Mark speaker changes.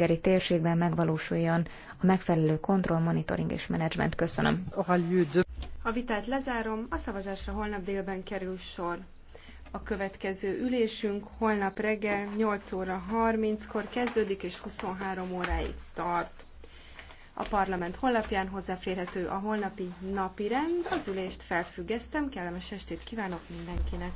Speaker 1: tengeri térségben megvalósuljon a megfelelő kontroll, monitoring és menedzsment. Köszönöm.
Speaker 2: A vitát lezárom, a szavazásra holnap délben kerül sor. A következő ülésünk holnap reggel 8 óra 30-kor kezdődik és 23 óráig tart. A parlament honlapján hozzáférhető a holnapi napi rend. Az ülést felfüggesztem, kellemes estét kívánok mindenkinek!